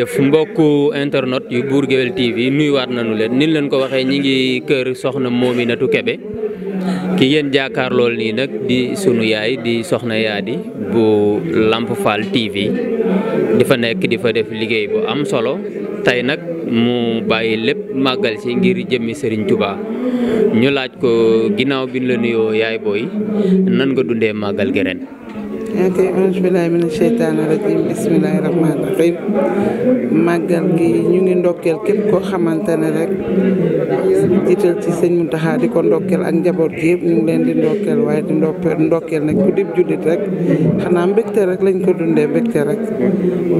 jëf mbokk internet yu Bour Gueweul TV nuyuwaat nañu leen nin leen ko waxee ñi ngi kër soxna natu kebe ki ngeen jàkkaar lool nii nag di sunu yaay di soxna yaadi bu Lamp Fall TV di fa nekk di fa def liggéey bu am solo tey nag mu bàyyi lépp màggal si ngir jëmmi Serigne Touba ñu laaj ko ginnaaw bi ñu la nuyoo yaay booy nan nga dundee màggal gi ren tey auzu billaahi mina sheytaani rajiim bismillaahi rahmaani rahiim màggal gi ñu ngi ndokkeel képp koo xamante ne rek jiital ci sëñ Muntaxa di ko ndokkeel ak njaboot gi yëpp ñu ngi leen di ndokkeel waaye di ndokkeel nag ku dib jullit rek xanaa mbégte rek lañ ko dundee mbégte rek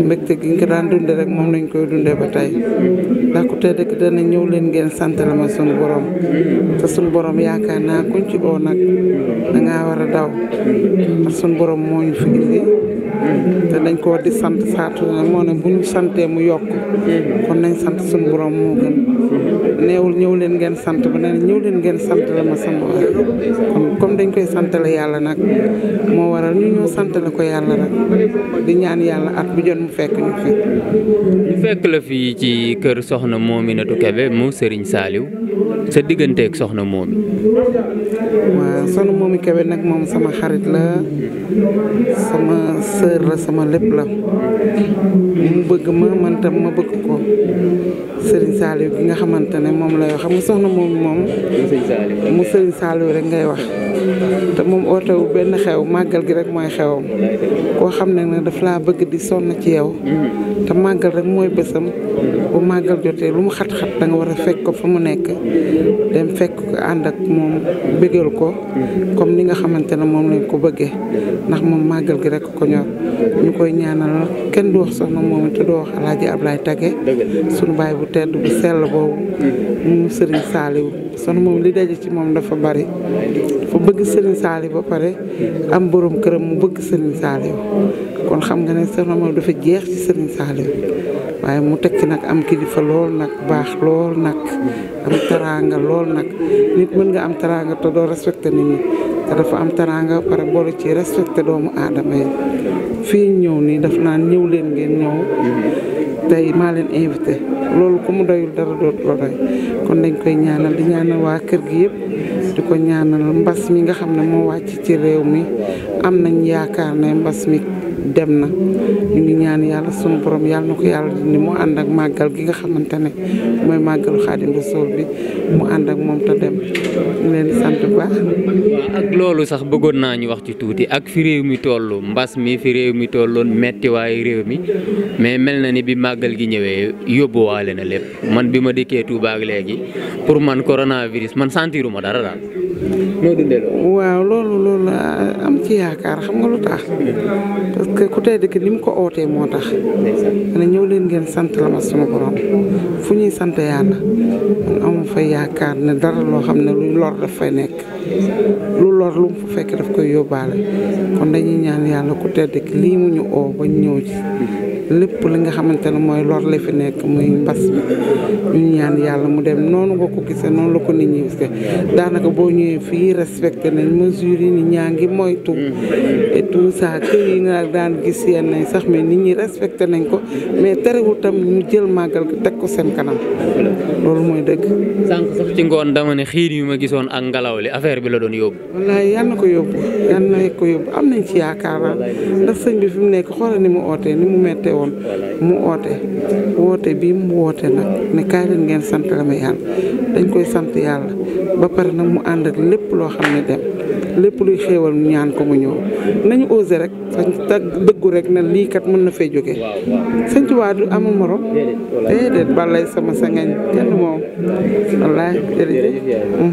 mbégte gi nga daan dundee rek moom lañ koy dundee ba tey ndax ku tey dëkk dana ñëw leen ngeen sant la ma suñu borom te suñu borom yaakaar naa kuñ ci oo nag dangaa war a daw ndax suñu borom moo dañ koo sant saatu ne moo santee mu yokk nañ sant suñu borom neewul ñëw leen ngeen sant ba ne ñëw leen ngeen sant la ma sama kon dañ koy santale yàlla nag moo waral ñu ñoo santale ko yàlla nag di ñaan yàlla at bu jot mu fekk ñu fi ñu fekk la fii ci kër soxna Mominatou Kébé mu Serigne saaliw sa digganteeg soxna Momy. waaw soxna Momy Kébé nag moom sama xarit la sama sœur la sama lépp la mu bëgg ma man tam ma bëgg ko Serigne Saliou gi nga xamante ne moom lay wax nga soxna moom moom. mu Serigne Saliou rek ngay wax. te moom oote wu benn xew màggal gi rek mooy xewam koo xam ne nag daf laa bëgg di sonn ci yow mm-hmm. te màggal rek mooy bésam bu màggal jotee lu mu xat-xat da nga war a fekk ko fa mu nekk dem fekk ko ànd ak moom bëggal ko comme ni nga xamante ne moom lañ ko bëggee ndax moom màggal gi rek ko ñor ñu koy ñaanal kenn du wax soxna moom te du wax alaaji Ablaay Tage suñu baay bu tedd bu sell boobu mu sëriñ saaliw soxna moom li daje ci moom dafa bari dafa bëgg sëriñ saaliw ba pare am borom këram mu bëgg sëriñ saaliw kon xam nga ne soxna moom dafa jeex ci sëriñ saaliw waaye mu ci nag am kilifa lool nag baax lool nag am taraanga teraanga lool nag nit mën nga am teraanga te doo respecté nit ñi te dafa am teraanga pare boole ci respecté doomu aadama yi fii ñëw nii daf naan ñëw leen ngeen ñëw tey maa leen invité loolu ku mu doyul dara doot la kon dañ koy ñaanal di ñaanal waa kër gi yëpp di ko ñaanal mbas mi nga xam ne moo wàcc ci réew mi am nañ yaakaar ne mbas mi dem na ñu ngi ñaan yàlla sunu borom yàlla na ko yàlla dindi mu ànd ak màggal gi nga xamante ne mooy màggalu Xaadim Rasuul bi mu ànd ak moom te dem ñu leen sant bu baax. ak loolu sax bëggoon naa ñu wax ci tuuti ak fi réew mi toll mbas mi fi réew mi tolloon metti waaye réew mi mais mel na ni bi màggal gi ñëwee yóbbuwaale na lépp man bi ma dikkee Touba ak léegi pour man coronavirus man sentiruma dara daal. noo dundee loolu. waaw loolu loolu am ci yaakaar xam nga lu tax. parce que ku tey dëkk ni mu ko ootee moo tax. dana ñëw leen ngeen sant la ma sama borom fu ñuy sant yàlla amu fa yaakaar ne dara loo xam ne lu lor daf fay nekk. lu lor lu mu daf koy yóbbaale kon dañuy ñaan yàlla ku tey dëkk lii mu ñu ba ñëw ci. lépp li nga xamante ne mooy lor la fi nekk muy mbas bi ñu ñaan yàlla mu dem noonu nga ko gisee noonu la ko nit ñi gisee daanaka boo ñëwee fii yi respecté nañ mesures yi ñaa ngi moytu. Mm-hmm. et tout ça kër yi nga daan gis yenn nañ sax mais nit ñi respecté nañ ko mais terewul tam ñu jël màggal teg ko seen kanam. loolu mooy dëgg. sànq ci ngoon dama ne xiin yu ma gisoon ak ngelaw li affaire bi la doon yóbbu. wallaay yal na ko yóbbu yal na ko yóbbu am nañ ci yaakaar ndax sëñ bi fi mu nekk xoolal ni mu ootee ni mu méttee woon mu oote woote bii mu woote nag ne kaay ngeen sant la dañ koy sant yàlla ba pare nag mu ànd lépp loo xam ne dem lépp luy xéewal ñaan ko mu ñëw nañu osé rek sax dëggu rek na lii kat mën na fee jóge sëñ Tuubaa du amul morom déedéet balay sama sangañ moom wallaay jërëjëf